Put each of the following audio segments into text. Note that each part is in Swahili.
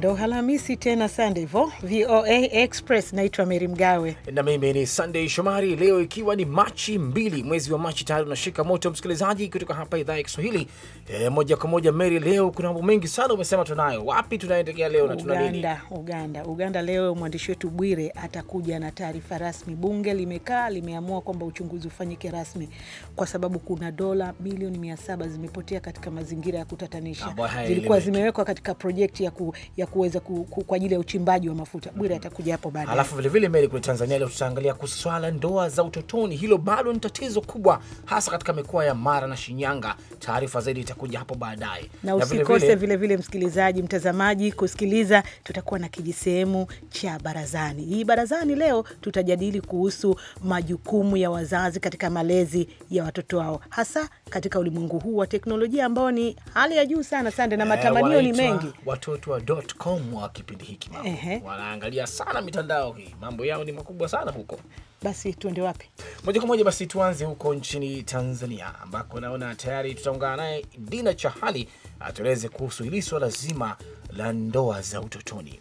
Ndo halamisi tena sande hivo. VOA Express, naitwa Meri Mgawe na mimi ni sandey Shomari. Leo ikiwa ni Machi mbili, mwezi wa Machi tayari unashika moto, msikilizaji, kutoka hapa idhaa ya Kiswahili e, moja kwa moja. Meri, leo kuna mambo mengi sana umesema, tunayo wapi, tunaendelea leo na tuna Uganda, Uganda, Uganda leo mwandishi wetu Bwire atakuja na taarifa rasmi. Bunge limekaa limeamua kwamba uchunguzi ufanyike rasmi kwa sababu kuna dola bilioni mia saba zimepotea katika mazingira ya kutatanisha, zilikuwa zimewekwa katika projekti ya ku, ya kuweza kwa ajili ya uchimbaji wa mafuta. Bwira mhm. atakuja hapo baadaye. Alafu vilevile Mary, kule Tanzania leo tutaangalia kuswala ndoa za utotoni. Hilo bado ni tatizo kubwa, hasa katika mikoa ya Mara na Shinyanga. Taarifa zaidi itakuja hapo baadaye, na usikose vilevile msikilizaji, mtazamaji kusikiliza. Tutakuwa na kijisehemu cha barazani. Hii barazani leo tutajadili kuhusu majukumu ya wazazi katika malezi ya watoto wao hasa katika ulimwengu huu wa teknolojia ambao ni hali ya juu sana sande, na eh, matamanio ni mengi. Watoto wa .com wa kipindi hiki mambo wanaangalia sana mitandao hii, mambo yao ni makubwa sana huko. Basi tuende wapi? Moja kwa moja basi tuanze huko nchini Tanzania, ambako naona tayari tutaungana naye Dina Chahali atueleze kuhusu hili swala zima la ndoa za utotoni.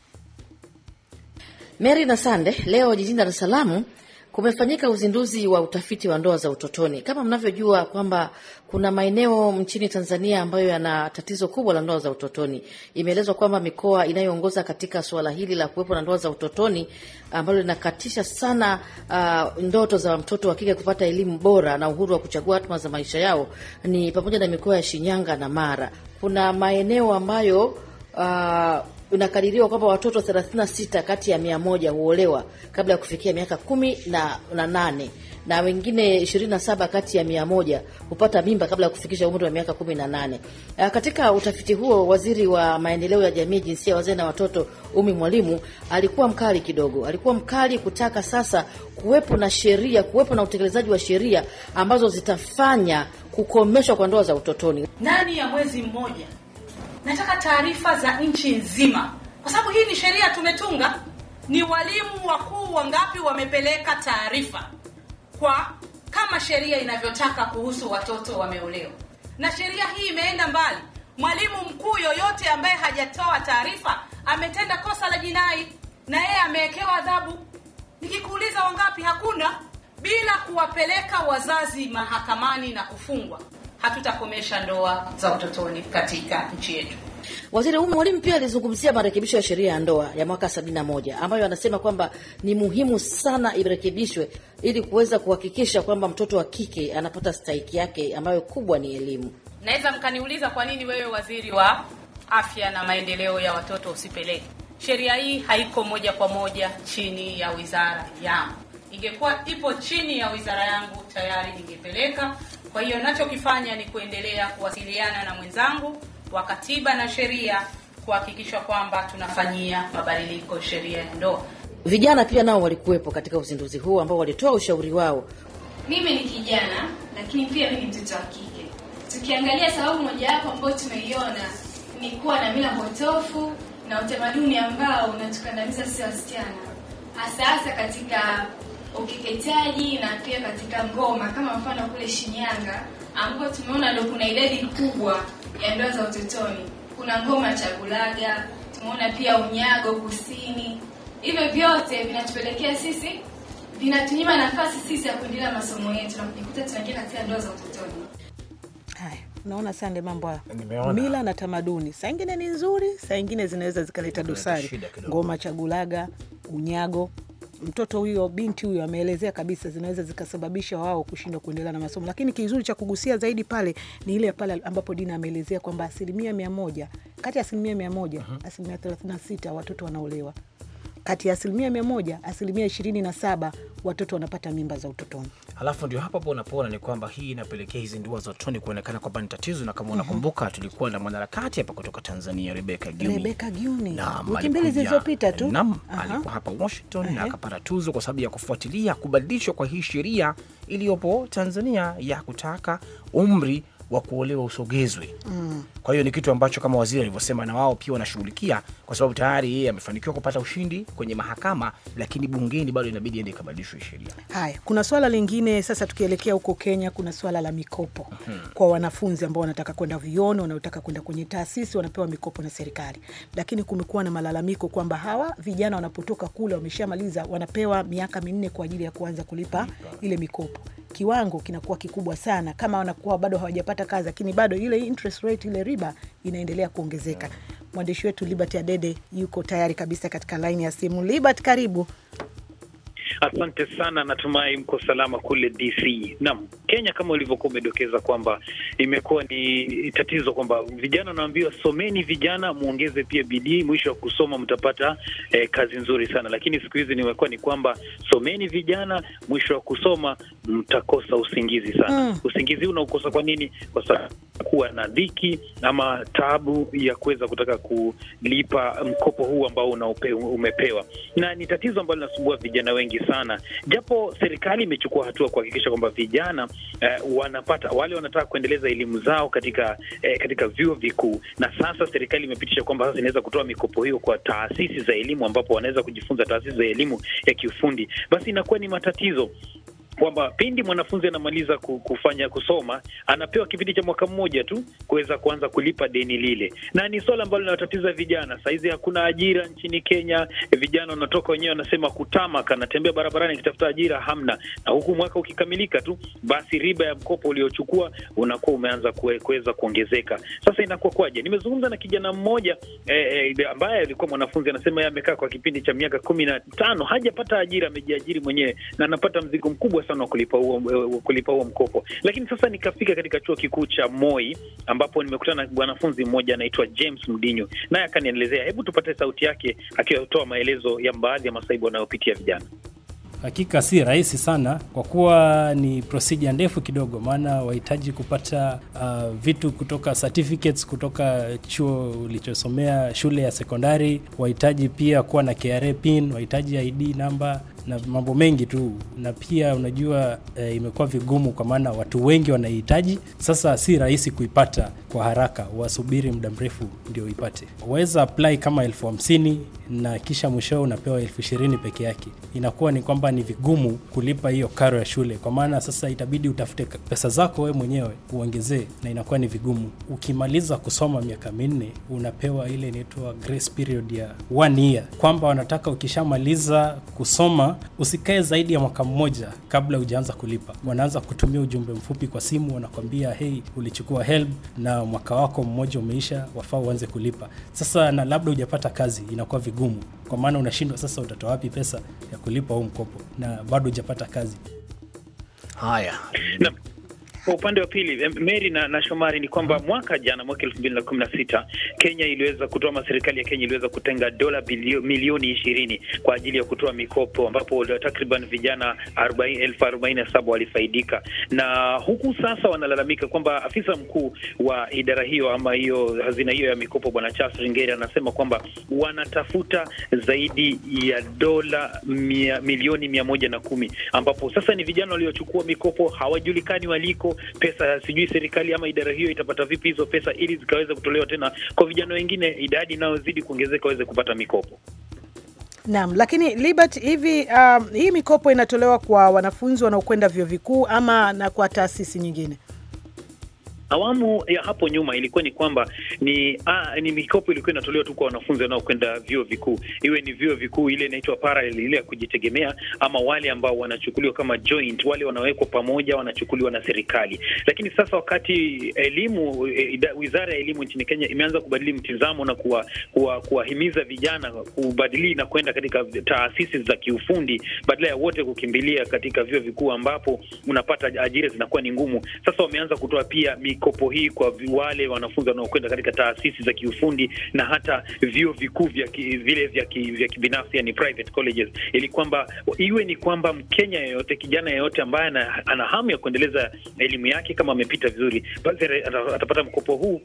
Mary na Sande, leo jijini Dar es Salaam kumefanyika uzinduzi wa utafiti wa ndoa za utotoni. Kama mnavyojua kwamba kuna maeneo nchini Tanzania ambayo yana tatizo kubwa la ndoa za utotoni. Imeelezwa kwamba mikoa inayoongoza katika suala hili la kuwepo na ndoa za utotoni ambalo linakatisha sana uh, ndoto za mtoto wa kike kupata elimu bora na uhuru wa kuchagua hatima za maisha yao ni pamoja na mikoa ya Shinyanga na Mara. Kuna maeneo ambayo uh, inakadiriwa kwamba watoto 36 kati ya mia moja huolewa kabla ya kufikia miaka kumi na, na nane na wengine 27 kati ya 100 hupata mimba kabla ya kufikisha umri wa miaka 18. Eh, katika utafiti huo, waziri wa maendeleo ya jamii, jinsia, wazee na watoto Umi Mwalimu alikuwa mkali kidogo, alikuwa mkali kutaka sasa kuwepo na sheria, kuwepo na utekelezaji wa sheria ambazo zitafanya kukomeshwa kwa ndoa za utotoni ndani ya mwezi mmoja. Nataka taarifa za nchi nzima, kwa sababu hii ni sheria tumetunga. Ni walimu wakuu wangapi wamepeleka taarifa? kwa kama sheria inavyotaka kuhusu watoto wameolewa. Na sheria hii imeenda mbali, mwalimu mkuu yoyote ambaye hajatoa taarifa ametenda kosa la jinai na yeye amewekewa adhabu. Nikikuuliza wangapi? Hakuna. Bila kuwapeleka wazazi mahakamani na kufungwa, hatutakomesha ndoa za utotoni katika nchi yetu. Waziri Mwalimu pia alizungumzia marekebisho ya sheria ya ndoa ya mwaka 71 ambayo anasema kwamba ni muhimu sana irekebishwe ili kuweza kuhakikisha kwamba mtoto wa kike anapata stahiki yake ambayo kubwa ni elimu. Naweza mkaniuliza kwa nini wewe waziri wa afya na maendeleo ya watoto usipeleke sheria hii? Haiko moja kwa moja chini ya wizara yangu. Ingekuwa ipo chini ya wizara yangu tayari ningepeleka. Kwa hiyo nachokifanya ni kuendelea kuwasiliana na mwenzangu wa katiba na sheria kuhakikisha kwamba tunafanyia mabadiliko sheria ya ndoa. Vijana pia nao walikuwepo katika uzinduzi huu ambao walitoa ushauri wao. Mimi ni kijana lakini pia mimi ni mtoto wa kike. Tukiangalia sababu mojawapo ambayo tumeiona ni kuwa na mila potofu na utamaduni ambao unatukandamiza sisi wasichana, hasa hasa katika ukeketaji na pia katika ngoma, kama mfano kule Shinyanga ambapo tumeona ndo kuna idadi kubwa ya ndoa za utotoni. Kuna ngoma chagulaga, tumeona pia unyago kusini. Hivyo vyote vinatupelekea sisi, vinatunyima nafasi sisi ya kuendelea masomo yetu na kujikuta tunaingia katika ndoa za utotoni. Haya, unaona sande, mambo hayo mila na tamaduni saa ingine ni nzuri, saa ingine zinaweza zikaleta dosari. Ngoma chagulaga, unyago mtoto huyo binti huyo ameelezea kabisa zinaweza zikasababisha wao kushindwa kuendelea na masomo. Lakini kizuri cha kugusia zaidi pale ni ile pale ambapo Dina ameelezea kwamba asilimia mia moja kati ya asilimia mia moja asilimia thelathini na sita watoto wanaolewa kati ya asilimia mia moja asilimia ishirini na saba watoto wanapata mimba za utotoni. Halafu ndio hapo hapo unapoona ni kwamba hii inapelekea hizi ndoa za utotoni kuonekana kwamba ni tatizo, na kama unakumbuka mhm. tulikuwa na mwanaharakati hapa kutoka Tanzania Rebeka Gyumi, Rebeka Gyumi wiki mbili zilizopita tu nam alikuwa hapa Washington uh -huh. na akapata tuzo kwa sababu ya kufuatilia kubadilishwa kwa hii sheria iliyopo Tanzania ya kutaka umri wa kuolewa usogezwe. Mm. Kwa hiyo ni kitu ambacho kama waziri alivyosema, na wao pia wanashughulikia, kwa sababu tayari yeye amefanikiwa kupata ushindi kwenye mahakama, lakini bungeni bado inabidi ende ikabadilishwe sheria. Haya, kuna swala lingine sasa, tukielekea huko Kenya, kuna swala la mikopo mm -hmm. kwa wanafunzi ambao wanataka kwenda vioni, wanaotaka kwenda kwenye taasisi, wanapewa mikopo na serikali, lakini kumekuwa na malalamiko kwamba hawa vijana wanapotoka kule, wameshamaliza, wanapewa miaka minne kwa ajili ya kuanza kulipa ile mikopo. Kiwango kinakuwa kikubwa sana, kama wanakuwa bado hawajapata kupata kazi, lakini bado ile interest rate, ile riba inaendelea kuongezeka. Mwandishi wetu Libert Adede yuko tayari kabisa katika laini ya simu. Libert, karibu. Asante sana, natumai mko salama kule DC. Naam, Kenya kama ulivyokuwa umedokeza kwamba imekuwa ni tatizo kwamba vijana wanaambiwa someni, vijana muongeze pia bidii, mwisho wa kusoma mtapata eh, kazi nzuri sana, lakini siku hizi nimekuwa ni kwamba someni vijana, mwisho wa kusoma mtakosa usingizi sana. Mm. Usingizi unaukosa kwa nini? Kwa sababu kuwa na dhiki ama tabu ya kuweza kutaka kulipa mkopo huu ambao unaupe, umepewa, na ni tatizo ambalo linasumbua vijana wengi sana, japo serikali imechukua hatua kuhakikisha kwamba vijana eh, wanapata wale wanataka kuendeleza elimu zao katika eh, katika vyuo vikuu, na sasa serikali imepitisha kwamba sasa inaweza kutoa mikopo hiyo kwa taasisi za elimu ambapo wanaweza kujifunza taasisi za elimu ya kiufundi, basi inakuwa ni matatizo kwamba pindi mwanafunzi anamaliza kufanya kusoma anapewa kipindi cha mwaka mmoja tu kuweza kuanza kulipa deni lile, na ni swala ambalo linatatiza vijana. Sahizi hakuna ajira nchini Kenya, vijana wanatoka wenyewe wanasema kutamaka, anatembea barabarani akitafuta ajira, hamna. Na huku mwaka ukikamilika tu, basi riba ya mkopo uliochukua unakuwa umeanza kuweza kuongezeka. Sasa inakuwa kwaje? Nimezungumza na kijana mmoja eh, eh, ambaye alikuwa mwanafunzi, anasema yeye amekaa kwa kipindi cha miaka kumi na tano hajapata ajira, amejiajiri mwenyewe na anapata mzigo mkubwa sana wa kulipa huo mkopo. Lakini sasa nikafika katika chuo kikuu cha Moi ambapo nimekutana na mwanafunzi mmoja anaitwa James Mdinyo, naye akanielezea. Hebu tupate sauti yake akitoa maelezo ya baadhi ya masaibu wanayopitia vijana. Hakika si rahisi sana kwa kuwa ni procedure ndefu kidogo, maana wahitaji kupata uh, vitu kutoka certificates kutoka chuo ulichosomea shule ya sekondari, wahitaji pia kuwa na KRA pin, wahitaji ID namba, na mambo mengi tu, na pia unajua e, imekuwa vigumu kwa maana watu wengi wanaihitaji. Sasa si rahisi kuipata kwa haraka, wasubiri muda mrefu ndio uipate. Waweza apply kama elfu hamsini na kisha mwishoo unapewa elfu ishirini peke yake. Inakuwa ni kwamba ni vigumu kulipa hiyo karo ya shule, kwa maana sasa itabidi utafute pesa zako wewe mwenyewe uongezee, na inakuwa ni vigumu. Ukimaliza kusoma miaka minne, unapewa ile inaitwa grace period ya one year, kwamba wanataka ukishamaliza kusoma Usikae zaidi ya mwaka mmoja kabla hujaanza kulipa. Wanaanza kutumia ujumbe mfupi kwa simu, wanakwambia hei, ulichukua HELB na mwaka wako mmoja umeisha, wafaa uanze kulipa sasa, na labda hujapata kazi, inakuwa vigumu, kwa maana unashindwa sasa, utatoa wapi pesa ya kulipa huu mkopo na bado hujapata kazi. Haya. Kwa upande wa pili, Mary na, na Shomari, ni kwamba mhm. mwaka jana, mwaka elfu mbili na kumi na sita Kenya iliweza kutoa ma serikali ya Kenya iliweza kutenga dola milioni ishirini kwa ajili ya kutoa mikopo ambapo takriban vijana elfu arobaini na saba walifaidika, na huku sasa wanalalamika kwamba afisa mkuu wa idara hiyo ama hiyo hazina hiyo ya mikopo Bwana Charles Ringeri anasema kwamba wanatafuta zaidi ya dola mia, milioni mia moja na kumi ambapo sasa ni vijana waliochukua mikopo hawajulikani waliko pesa, sijui serikali ama idara hiyo itapata vipi hizo pesa ili zikaweza kutolewa tena kwa vijana wengine, idadi inayozidi kuongezeka waweze kupata mikopo. Naam, lakini Libert, hivi um, hii mikopo inatolewa kwa wanafunzi wanaokwenda vyuo vikuu ama na kwa taasisi nyingine? Awamu ya hapo nyuma ilikuwa ni kwamba ni a, ah, ni mikopo ilikuwa inatolewa tu kwa wanafunzi wanaokwenda vyuo vikuu, iwe ni vyuo vikuu ile inaitwa parallel ile ya kujitegemea, ama wale ambao wanachukuliwa kama joint, wale wanawekwa pamoja, wanachukuliwa na serikali. Lakini sasa wakati elimu e, wizara ya elimu nchini Kenya imeanza kubadili mtizamo na kuwahimiza vijana kubadili na kwenda katika taasisi za kiufundi badala ya wote kukimbilia katika vyuo vikuu ambapo unapata ajira zinakuwa ni ngumu. Sasa wameanza kutoa pia mi mikopo hii kwa wale wanafunzi wanaokwenda katika taasisi za kiufundi na hata vyuo vikuu vya vile vya kibinafsi, yani private colleges, ili kwamba iwe ni kwamba Mkenya yeyote, kijana yeyote ambaye ana, ana hamu ya kuendeleza elimu yake, kama amepita vizuri, basi atapata mkopo huu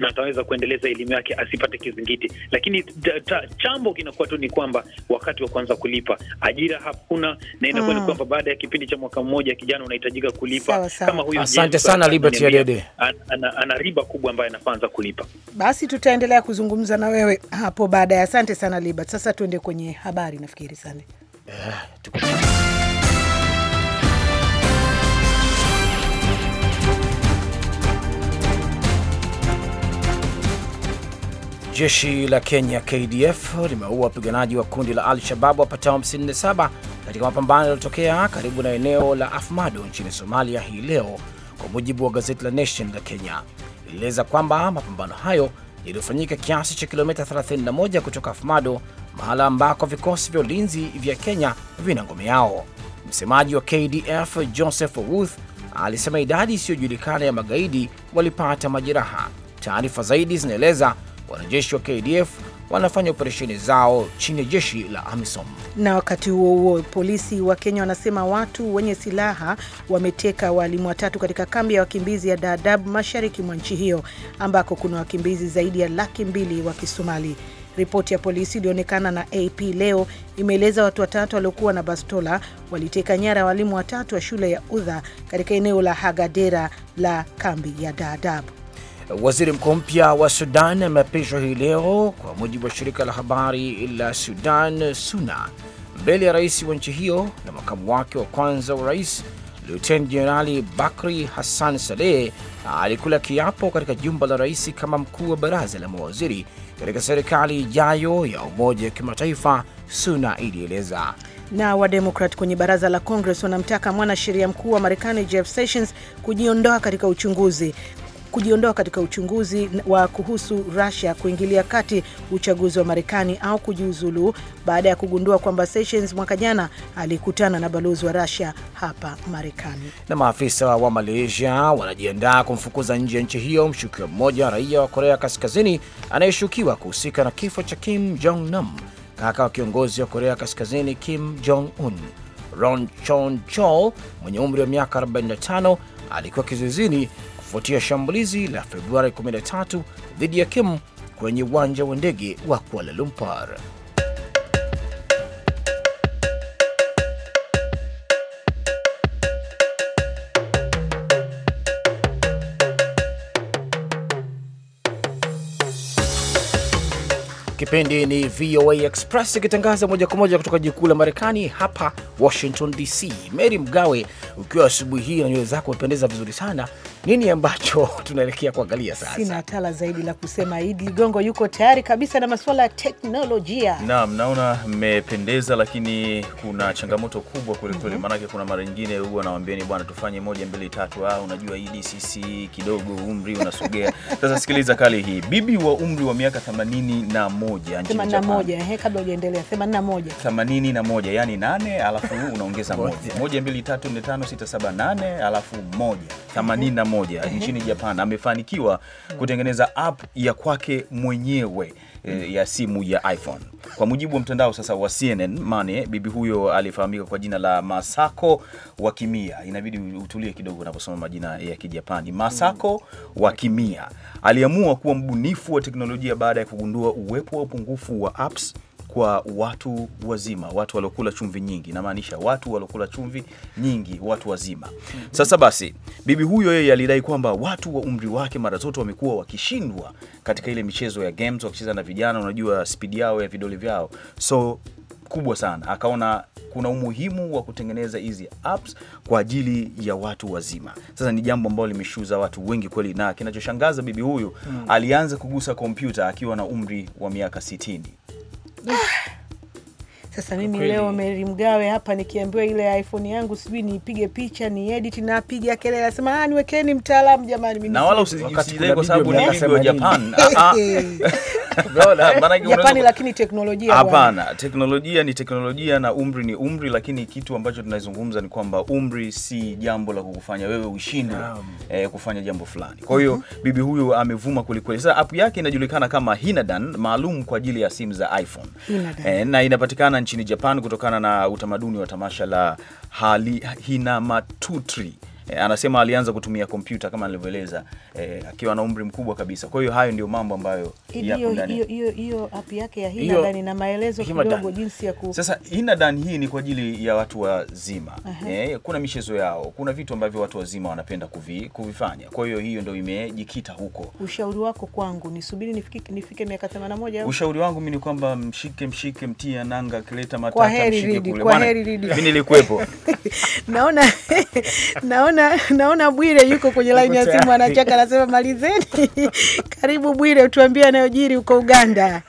na ataweza kuendeleza elimu yake asipate kizingiti. Lakini chambo kinakuwa tu ni kwamba wakati wa kuanza kulipa ajira hakuna, na inakuwa ni mm. kwamba baada ya kipindi cha mwaka mmoja kijana unahitajika kulipa Kama huyu asante sana Liberty Adede ana riba kubwa ambayo anaanza kulipa. Basi tutaendelea kuzungumza na wewe hapo baadaye. Asante sana Liberty. Sasa tuende kwenye habari nafikiri sana. Eh, yeah. Jeshi la Kenya KDF limeua wapiganaji wa kundi la Al-Shababu wapatao 57 katika mapambano yaliyotokea karibu na eneo la Afmado nchini Somalia hii leo, kwa mujibu wa gazeti la Nation la Kenya. Ilieleza kwamba mapambano hayo yaliyofanyika kiasi cha kilomita 31 kutoka Afmado, mahala ambako vikosi vya ulinzi vya Kenya vina ngome yao. Msemaji wa KDF Joseph Owuth alisema idadi isiyojulikana ya magaidi walipata majeraha. Taarifa zaidi zinaeleza wanajeshi wa KDF wanafanya operesheni zao chini ya jeshi la AMISOM. Na wakati huo huo, polisi wa Kenya wanasema watu wenye silaha wameteka waalimu watatu katika kambi ya wakimbizi ya Dadaab mashariki mwa nchi hiyo ambako kuna wakimbizi zaidi ya laki mbili wa Kisomali. Ripoti ya polisi ilionekana na AP leo imeeleza watu watatu waliokuwa na bastola waliteka nyara walimu watatu wa shule ya udha katika eneo la Hagadera la kambi ya Dadaab. Waziri mkuu mpya wa Sudan ameapishwa hii leo kwa mujibu wa shirika la habari la Sudan SUNA, mbele ya rais wa nchi hiyo na makamu wake wa kwanza wa rais Luteni Jenerali Bakri Hassan Saleh alikula kiapo katika jumba la rais kama mkuu wa baraza la mawaziri katika serikali ijayo ya umoja wa kimataifa, SUNA ilieleza. Na Wademokrat kwenye baraza la Congress wanamtaka mwanasheria mkuu wa Marekani Jeff Sessions kujiondoa katika uchunguzi kujiondoa katika uchunguzi wa kuhusu Russia kuingilia kati uchaguzi wa Marekani au kujiuzulu baada ya kugundua kwamba Sessions mwaka jana alikutana na balozi wa Russia hapa Marekani. Na maafisa wa Malaysia wanajiandaa kumfukuza nje ya nchi hiyo mshukiwa mmoja, raia wa Korea Kaskazini anayeshukiwa kuhusika na kifo cha Kim Jong Nam, kaka wa kiongozi wa Korea Kaskazini Kim Jong Un. Ron Chon Chol mwenye umri wa miaka 45 alikuwa kizuizini kufuatia shambulizi la Februari 13 dhidi ya Kim kwenye uwanja wa ndege wa Kuala Lumpur. Kipindi ni VOA Express ikitangaza moja kwa moja kutoka jikuu la Marekani hapa Washington DC. Mary Mgawe, ukiwa asubuhi hii na nywele zako umependeza vizuri sana, nini ambacho tunaelekea kuangalia sasa? Sina tala zaidi la kusema. Idi gongo yuko tayari kabisa na masuala ya teknolojia. Naam, naona mmependeza, lakini kuna changamoto kubwa kwelikweli. mm -hmm. Maanake kuna mara nyingine huwa nawaambieni, bwana tufanye moja mbili tatu, ah, unajua Idi sisi kidogo umri unasogea. Sasa sikiliza kali hii, bibi wa umri wa miaka 81 nchini Japan. Ehe, kabla hujaendelea 81. 81 yani nane alafu unaongeza moja. moja mbili tatu nne tano sita saba 8 alafu moja moja moja uh -huh. nchini Japan amefanikiwa uh -huh. kutengeneza app ya kwake mwenyewe eh, ya simu ya iPhone. Kwa mujibu wa mtandao sasa wa CNN mane bibi huyo alifahamika kwa jina la Masako wa kimia Inabidi utulie kidogo unaposoma majina ya Kijapani. Masako wa kimia aliamua kuwa mbunifu wa teknolojia baada ya kugundua uwepo wa upungufu wa apps kwa watu wazima, watu waliokula chumvi nyingi, namaanisha watu waliokula chumvi nyingi, watu wazima. Mhm. Sasa basi, bibi huyo yeye alidai kwamba watu wa umri wake mara zote wamekuwa wakishindwa katika ile michezo ya games, wakicheza na vijana, unajua spidi yao ya vidole vyao so kubwa sana. Akaona kuna umuhimu wa kutengeneza hizi apps kwa ajili ya watu wazima. Sasa ni jambo ambalo limeshuza watu wengi kweli, na kinachoshangaza bibi huyu mm, alianza kugusa kompyuta akiwa na umri wa miaka sitini. Sasa mimi leo Meri Mgawe hapa nikiambiwa ile iPhone yangu sijui niipige picha ni edit, napiga kelele, nasema ah, niwekeni mtaalamu jamani, mimi na wala kwa sababu ni video Japan ah, ah. Eh, Japani lakini teknolojia hapana. Teknolojia ni teknolojia na umri ni umri, lakini kitu ambacho tunazungumza ni kwamba umri si jambo la kukufanya wewe ushindwe eh, kufanya jambo fulani. Kwa hiyo mm -hmm. bibi huyu amevuma kwelikweli. Sasa app yake inajulikana kama Hinadan, maalum kwa ajili ya simu za iPhone eh, na inapatikana nchini Japan kutokana na utamaduni wa tamasha la Hinamatutri eh, anasema alianza kutumia kompyuta kama nilivyoeleza eh, akiwa na umri mkubwa kabisa. Kwa hiyo hayo ndio mambo ambayo yapo hiyo hiyo app yake ya Hinadan na maelezo kidogo jinsi ya ku... Sasa Hinadan hii ni kwa ajili ya watu wazima eh, kuna michezo yao, kuna vitu ambavyo watu wazima wanapenda kuvi, kuvifanya. Kwa hiyo hiyo ndio imejikita huko. Ushauri wako kwangu nisubiri nifike nifike miaka 81 au? Ushauri wangu mimi ni kwamba mshike mshike, mtia nanga, kileta matata mshike kule. Kwa kwa heri Ridi. Mimi nilikuwepo. Naona naona naona naona Bwire yuko kwenye laini ya simu anacheka, anasema malizeni. Karibu Bwire, utuambie anayojiri huko Uganda.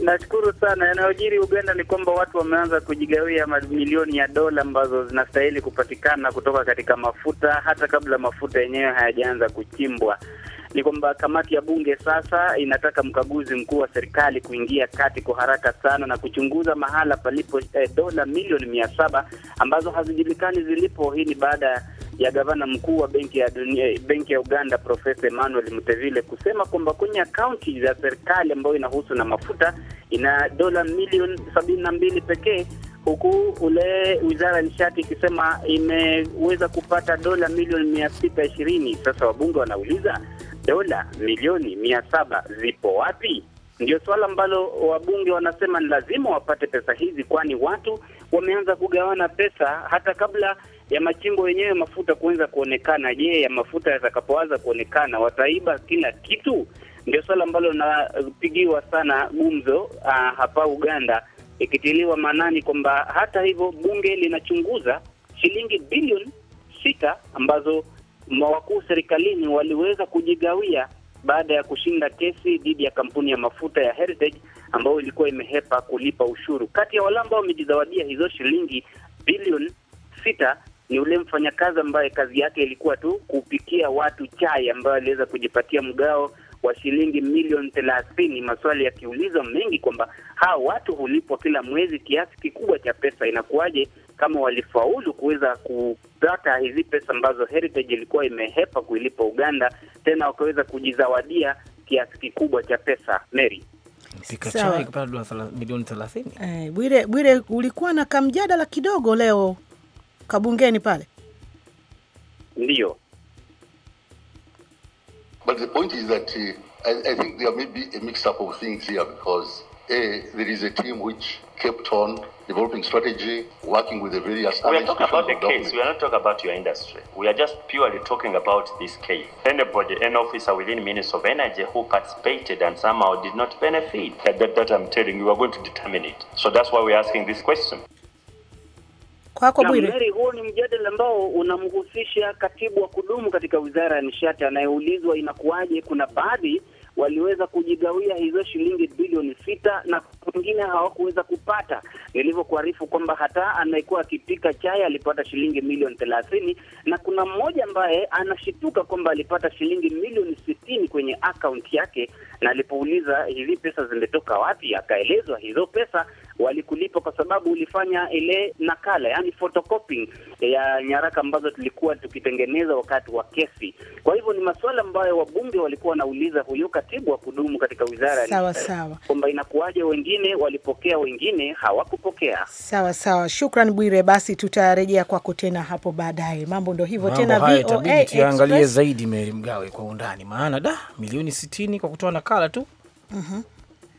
Nashukuru sana. Yanayojiri Uganda ni kwamba watu wameanza kujigawia mamilioni ya dola ambazo zinastahili kupatikana kutoka katika mafuta hata kabla mafuta yenyewe hayajaanza kuchimbwa ni kwamba kamati ya bunge sasa inataka mkaguzi mkuu wa serikali kuingia kati kwa haraka sana na kuchunguza mahala palipo eh, dola milioni mia saba ambazo hazijulikani zilipo. Hii ni baada ya gavana mkuu wa benki ya dunia, eh, benki ya Uganda Profesa Emmanuel Mutevile kusema kwamba kwenye akaunti za serikali ambayo inahusu na mafuta ina dola milioni sabini na mbili pekee huku ule wizara ya nishati ikisema imeweza kupata dola milioni mia sita ishirini. Sasa wabunge wanauliza dola milioni mia saba zipo wapi? Ndio suala ambalo wabunge wanasema ni lazima wapate pesa hizi, kwani watu wameanza kugawana pesa hata kabla ya machimbo yenyewe mafuta kuweza kuonekana. Je, ya mafuta yatakapoanza kuonekana wataiba kila kitu? Ndio suala ambalo linapigiwa sana gumzo uh, hapa Uganda, ikitiliwa maanani kwamba hata hivyo bunge linachunguza shilingi bilioni sita ambazo mawakuu serikalini waliweza kujigawia baada ya kushinda kesi dhidi ya kampuni ya mafuta ya Heritage ambayo ilikuwa imehepa kulipa ushuru. Kati ya wale ambao wamejizawadia hizo shilingi bilioni sita ni ule mfanyakazi ambaye kazi yake ilikuwa tu kupikia watu chai, ambayo aliweza kujipatia mgao wa shilingi milioni thelathini, maswali yakiulizwa mengi kwamba hawa watu hulipwa kila mwezi kiasi kikubwa cha pesa, inakuwaje kama walifaulu kuweza kupata hizi pesa ambazo Heritage ilikuwa imehepa kuilipa Uganda, tena wakaweza kujizawadia kiasi kikubwa cha pesa Mary milioni Eh, Bwire Bwire, ulikuwa na kamjadala kidogo leo kabungeni pale, ndio but the point is that uh, I, I think there may be a mix up of things here because A, there is a team which kept on developing strategy, working with the various. We are talking about the case. We are not talking about your industry. We are just purely talking about this case. Anybody, an officer within Ministry of Energy who participated and somehow did not benefit. That, that, that I'm telling you, we are going to determine it. So that's why we are asking this question. Kwako Bwire, huu ni mjadala ambao unamhusisha katibu wa kudumu katika wizara ya nishati, anayeulizwa inakuwaje kuna baadhi waliweza kujigawia hizo shilingi bilioni sita na wengine hawakuweza kupata. Nilivyokuarifu kwamba hata anayekuwa akipika chai alipata shilingi milioni thelathini na kuna mmoja ambaye anashituka kwamba alipata shilingi milioni sitini kwenye akaunti yake, na alipouliza hizi pesa zimetoka wapi, akaelezwa hizo pesa walikulipa kwa sababu ulifanya ile nakala, yani photocopying e, ya nyaraka ambazo tulikuwa tukitengeneza wakati wa kesi. Kwa hivyo ni masuala ambayo wabunge walikuwa wanauliza huyu katibu wa kudumu katika wizara sawa sawa, kwamba inakuwaje wengine walipokea, wengine hawakupokea. Sawa sawa, shukran Bwire. Basi tutarejea kwako tena hapo baadaye. Mambo ndo hivyo tena, VOA tuangalie zaidi Meri Mgawe kwa undani, maana da milioni sitini kwa kutoa nakala tu. mm -hmm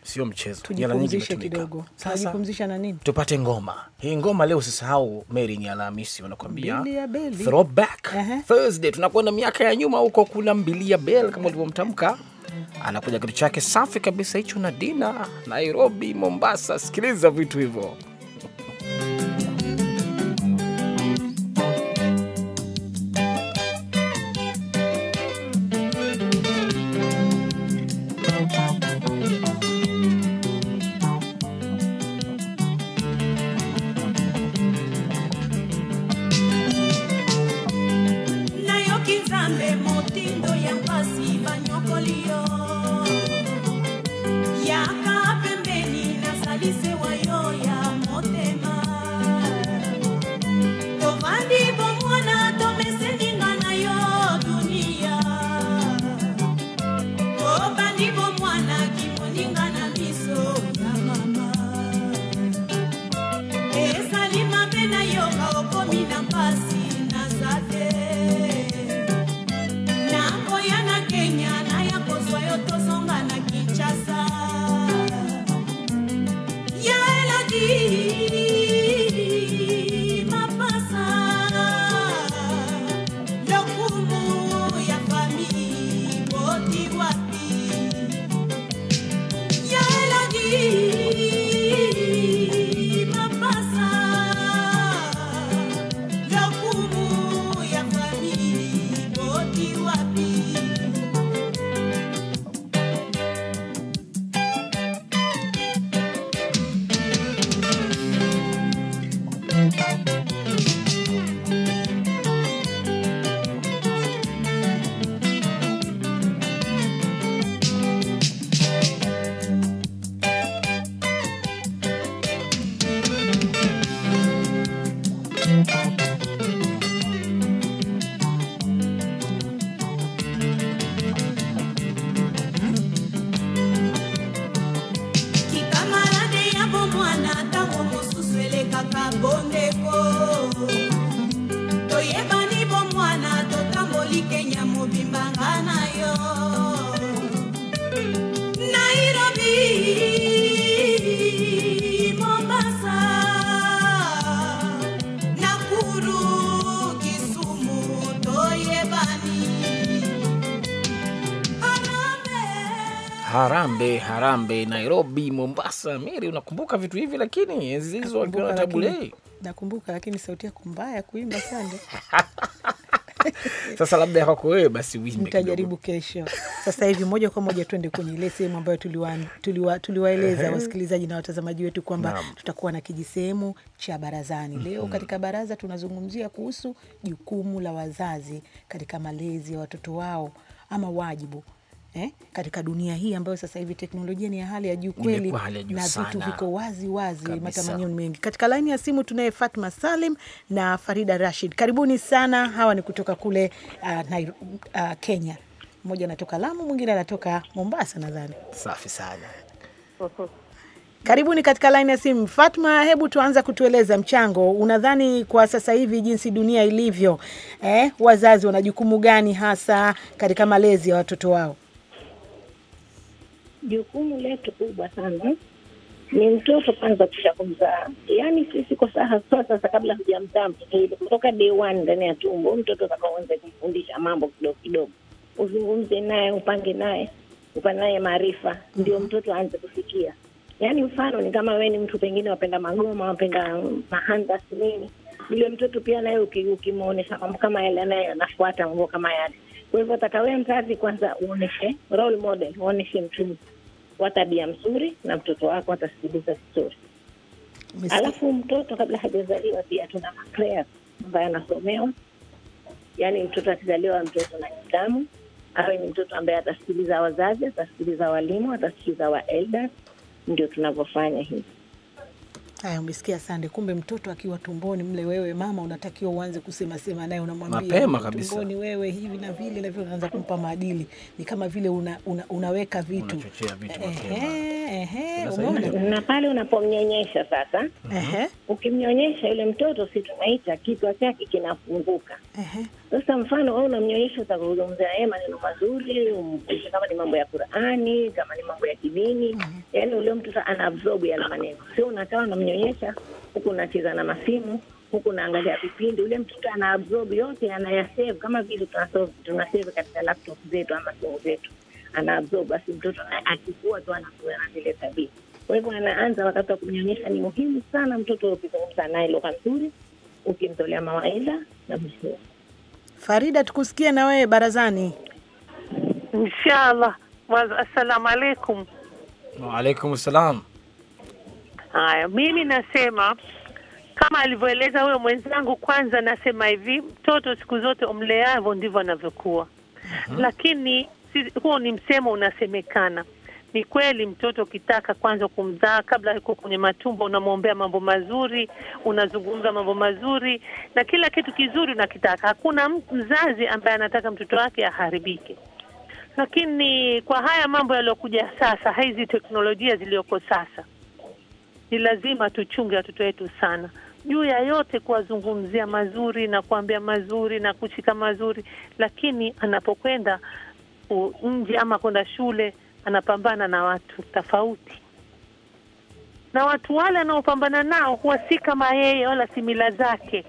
sio mchezo. Tujipumzishe kidogo. Sasa tujipumzisha na nini? Tupate ngoma hii. Ngoma leo usisahau, Mary, ni Alhamisi wanakuambia throwback Thursday, tunakwenda miaka ya nyuma huko, kuna Mbilia Bel kama ulivyomtamka anakuja kitu chake safi kabisa hicho, na Dina Nairobi, Mombasa. Sikiliza vitu hivyo. harambe harambe Nairobi, Mombasa. Miri, unakumbuka vitu hivi, lakini enzi hizo wakiona tabule. Nakumbuka, lakini sauti yako mbaya kuimba sana Sasa labda kwako wewe basi wimbe, nitajaribu kesho. Sasa hivi moja kwa moja tuende kwenye ile sehemu ambayo tuliwaeleza tuliwa, tuliwa wasikilizaji na watazamaji wetu kwamba tutakuwa na kijisehemu cha barazani mhm. leo. mm -hmm. Katika baraza tunazungumzia kuhusu jukumu la wazazi katika malezi ya watoto wao ama wajibu eh, katika dunia hii ambayo sasa hivi teknolojia ni ya hali ya juu kweli na vitu viko wazi wazi, matamanio ni mengi. Katika laini ya simu tunaye Fatma Salim na Farida Rashid, karibuni sana. Hawa ni kutoka kule uh, Nairobi, uh, Kenya. Mmoja anatoka Lamu, mwingine anatoka Mombasa nadhani. Safi sana. Karibuni katika laini ya simu. Fatma, hebu tuanza kutueleza mchango, unadhani kwa sasa hivi jinsi dunia ilivyo, eh, wazazi wana jukumu gani hasa katika malezi ya watoto wao? jukumu letu kubwa sana ni mtoto kwanza kisha kumzaa. Yaani sisi kwa saa sasa, kabla hujamzaa mtoto yule, kutoka day one ndani ya tumbo, mtoto utakaanza kumfundisha mambo kidogo kidogo, uzungumze naye, upange naye, upane naye maarifa, ndio mm-hmm. mtoto aanze kusikia. Yaani mfano ni kama wewe ni mtu pengine wapenda magoma, wapenda mahandasi nini, yule mtoto pia naye ukimwonyesha mambo kama yale, naye anafuata mambo kama yale kwa hivyo nataka wewe mzazi kwanza uoneshe role model, uoneshe mtu wa tabia mzuri, na mtoto wako atasikiliza vizuri. Alafu mtoto kabla hajazaliwa pia tuna maprayers ambayo anasomewa, yaani mtoto akizaliwa, mtoto na nidhamu, awe ni mtoto ambaye atasikiliza wazazi, atasikiliza walimu, atasikiliza wa elders. Ndio tunavyofanya hivi. Haya, umesikia Sande. Kumbe mtoto akiwa tumboni mle, wewe mama unatakiwa uanze kusema sema naye, unamwambia mapema kabisa, tumboni wewe hivi na vile na vile, unaanza kumpa maadili. Ni kama vile una, una, unaweka vitu, unachochea vitu mapema. Ehe, umeona na pale unapomnyonyesha sasa. Ehe, ukimnyonyesha yule mtoto, si tunaita kichwa chake kinafunguka. Ehe sasa mfano wewe unamnyonyesha, utamzungumzia yeye eh, maneno mazuri, kama ni mambo ya Qurani, kama ni mambo ya kidini, mm -hmm. Yani ule mtoto ana absorb yale maneno, sio unakaa unamnyonyesha huku unacheza na masimu huku naangalia vipindi, ule mtoto ana absorb yote, anayasave kama vile tunasave katika laptop zetu ama simu zetu, ana absorb. Basi mtoto akikua tu anakuwa na zile tabia. Kwa hivyo, anaanza wakati wa kunyonyesha, ni muhimu sana mtoto ukizungumza naye lugha nzuri, ukimtolea mawaidha na mshauri Farida, tukusikie na wewe barazani inshallah. Assalamu alaikum. Waalaikum salam. Haya, mimi nasema kama alivyoeleza huyo mwenzangu. Kwanza nasema hivi, mtoto siku zote umleavyo ndivyo anavyokuwa. mm -hmm. Lakini si, huo ni msemo unasemekana ni kweli mtoto ukitaka kwanza kumzaa, kabla yuko kwenye matumbo, unamwombea mambo mazuri, unazungumza mambo mazuri na kila kitu kizuri unakitaka. Hakuna mzazi ambaye anataka mtoto wake aharibike, lakini kwa haya mambo yaliyokuja sasa, hizi teknolojia zilizoko sasa, ni lazima tuchunge watoto wetu sana juu ya yote kuwazungumzia mazuri na kuambia mazuri na kushika mazuri, lakini anapokwenda nje ama kwenda shule anapambana na watu tofauti, na watu wale anaopambana nao huwa si kama yeye wala si mila zake.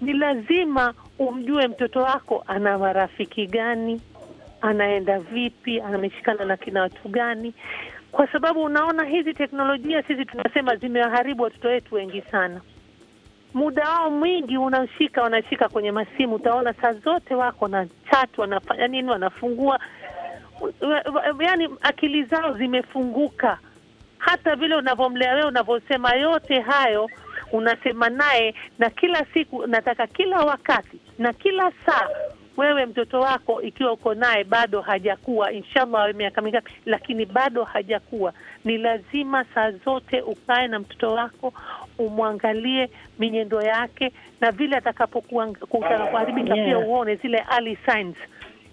Ni lazima umjue mtoto wako ana marafiki gani, anaenda vipi, ameshikana na kina watu gani, kwa sababu unaona hizi teknolojia sisi tunasema zimewaharibu watoto wetu wengi sana. Muda wao mwingi unashika wanashika kwenye masimu, utaona saa zote wako na chat, wanafanya nini, wanafungua yani akili zao zimefunguka. Hata vile unavyomlea wewe, unavyosema yote hayo, unasema naye, na kila siku, nataka kila wakati na kila saa wewe mtoto wako ikiwa uko naye bado hajakuwa, inshallah awe miaka mingapi, lakini bado hajakuwa, ni lazima saa zote ukae na mtoto wako, umwangalie minyendo yake na vile atakapokuharibika, yeah. Pia uone zile early signs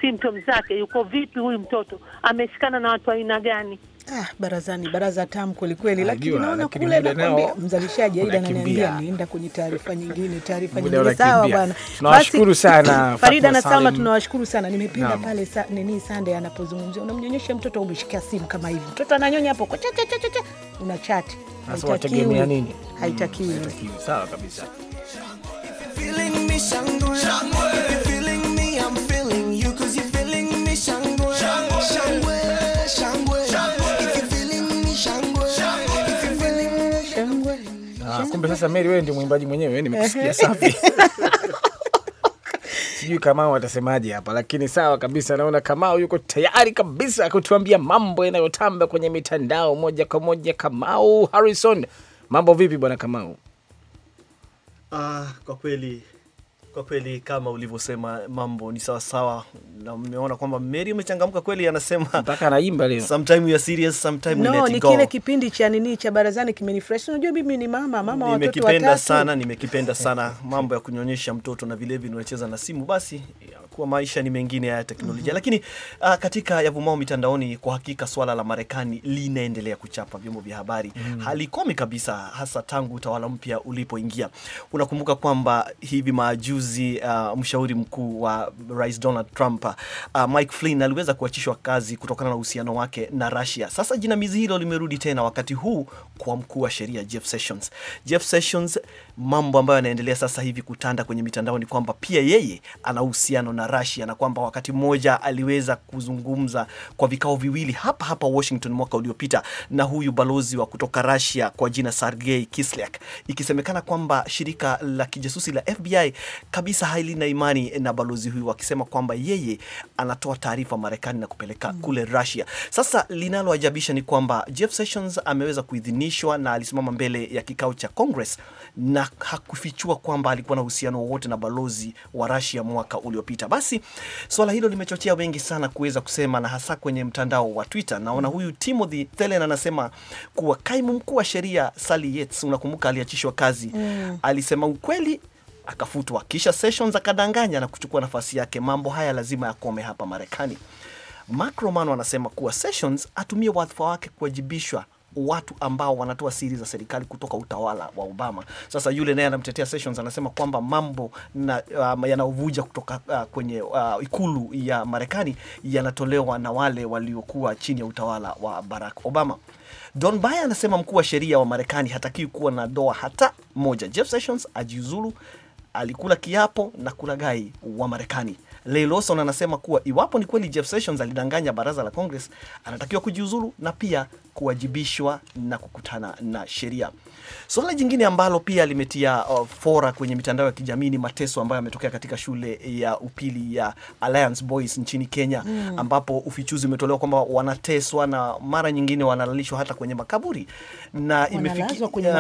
symptom zake, yuko vipi huyu mtoto, ameshikana na watu aina gani? Ah, barazani baraza tamu kwelikweli, lakini naona kule mzalishaji Aida ananiambia nienda kwenye taarifa nyingine, taarifa nyingine. Sawa bwana, tunawashukuru sana Farida na Salma, tunawashukuru sana. Nimependa pale sa, nini Sande anapozungumzia unamnyonyesha mtoto, umeshikia simu kama hivi, mtoto ananyonya hapo kwa cha cha cha cha, una chat, haitakiwi nini, haitakiwi. Sawa kabisa. kumbe sasa Mary wewe ndio mwimbaji mwenyewe, wewe nimekusikia safi. Sijui Kamau atasemaje hapa, lakini sawa kabisa. Naona Kamau yuko tayari kabisa kutuambia mambo yanayotamba kwenye mitandao moja kwa moja. Kamau Harrison, mambo vipi bwana Kamau? Ah, kwa kweli kwa kweli kama ulivyosema, mambo ni sawasawa, na mmeona kwamba Mary umechangamka kweli, anasema mpaka anaimba leo, sometime you are serious, sometime no, you let it go. Ni kile kipindi cha nini cha barazani kimenifresh. Unajua mimi ni mama mama watoto watatu, nimekipenda sana, nimekipenda sana mambo ya kunyonyesha mtoto na vile vile unacheza na simu, basi kwa maisha ni mengine ya teknolojia. mm -hmm. Lakini uh, katika yavumao mitandaoni, kwa hakika swala la Marekani linaendelea kuchapa vyombo vya habari mm -hmm. halikomi kabisa, hasa tangu utawala mpya ulipoingia. Unakumbuka kwamba hivi majuzi Juzi uh, mshauri mkuu wa Rais Donald Trump uh, Mike Flynn aliweza kuachishwa kazi kutokana na uhusiano wake na Russia. Sasa jinamizi hilo limerudi tena wakati huu kwa mkuu wa sheria Jeff Sessions. Jeff Sessions, mambo ambayo yanaendelea sasa hivi kutanda kwenye mitandao ni kwamba pia yeye ana uhusiano na Russia na kwamba wakati mmoja aliweza kuzungumza kwa vikao viwili hapa hapa Washington mwaka uliopita na huyu balozi wa kutoka Russia kwa jina Sergei Kislyak, ikisemekana kwamba shirika la kijasusi la FBI kabisa na imani na balozi huyu, wakisema kwamba yeye anatoa taarifa Marekani na kupeleka mm. kule Russia. Sasa linaloajabisha ni kwamba Jeff Sessions ameweza kuidhinishwa na alisimama mbele ya kikao cha Congress na hakufichua kwamba alikuwa na uhusiano wowote na balozi wa Russia mwaka uliopita. Basi swala hilo limechochea wengi sana kuweza kusema na hasa kwenye mtandao wa Twitter. Naona mm. huyu Timothy Thelen anasema kuwa kaimu mkuu wa sheria Sally Yates, unakumbuka aliachishwa kazi mm. alisema ukweli akafutwa, kisha Sessions akadanganya na kuchukua nafasi yake. Mambo haya lazima yakome hapa Marekani. Mark Romano anasema kuwa Sessions atumie wadhifa wake kuwajibishwa watu ambao wanatoa siri za serikali kutoka utawala wa Obama. Sasa yule naye anamtetea Sessions, anasema kwamba mambo uh, yanayovuja kutoka uh, kwenye uh, ikulu ya Marekani yanatolewa na wale waliokuwa chini ya utawala wa Barack Obama. Don Bayer anasema mkuu wa sheria wa Marekani hatakiwi kuwa na doa hata moja. Jeff Sessions ajiuzulu alikula kiapo na kulaghai wa Marekani. Leigh Lawson anasema kuwa iwapo ni kweli Jeff Sessions alidanganya baraza la Congress, anatakiwa kujiuzulu na pia kuwajibishwa na kukutana na sheria. Suala jingine ambalo pia limetia uh, fora kwenye mitandao ya kijamii ni mateso ambayo yametokea katika shule ya upili ya Alliance Boys nchini Kenya mm. ambapo ufichuzi umetolewa kwamba wanateswa na mara nyingine wanalalishwa hata kwenye makaburi na imefikia kwenye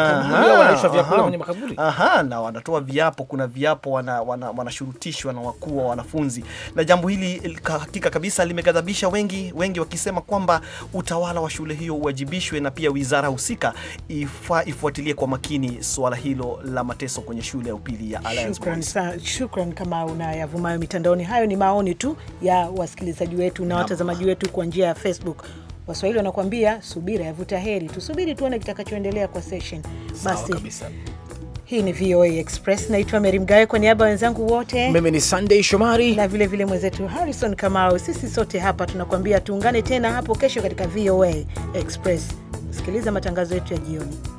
makaburi aha, na wanatoa viapo, kuna viapo wanashurutishwa wana, wana na wakuu wa wanafunzi, na jambo hili eh, hakika kabisa limeghadhabisha wengi, wengi wakisema kwamba utawala wa shule hiyo uwajibishwe na pia wizara husika ifa, ifuatilie kwa makini swala hilo la mateso kwenye shule ya upili ya Alliance. Shukran, kama unayavumayo mitandaoni. Hayo ni maoni tu ya wasikilizaji wetu na watazamaji wetu kwa njia ya Facebook. Waswahili wanakuambia subira yavuta heri, tusubiri tuone kitakachoendelea kwa session. Basi hii ni VOA Express. Naitwa Meri Mgawe, kwa niaba ya wenzangu wote, mimi ni Sunday Shomari na vilevile mwenzetu Harrison Kamau. Sisi sote hapa tunakuambia tuungane tena hapo kesho katika VOA Express. Sikiliza matangazo yetu ya jioni.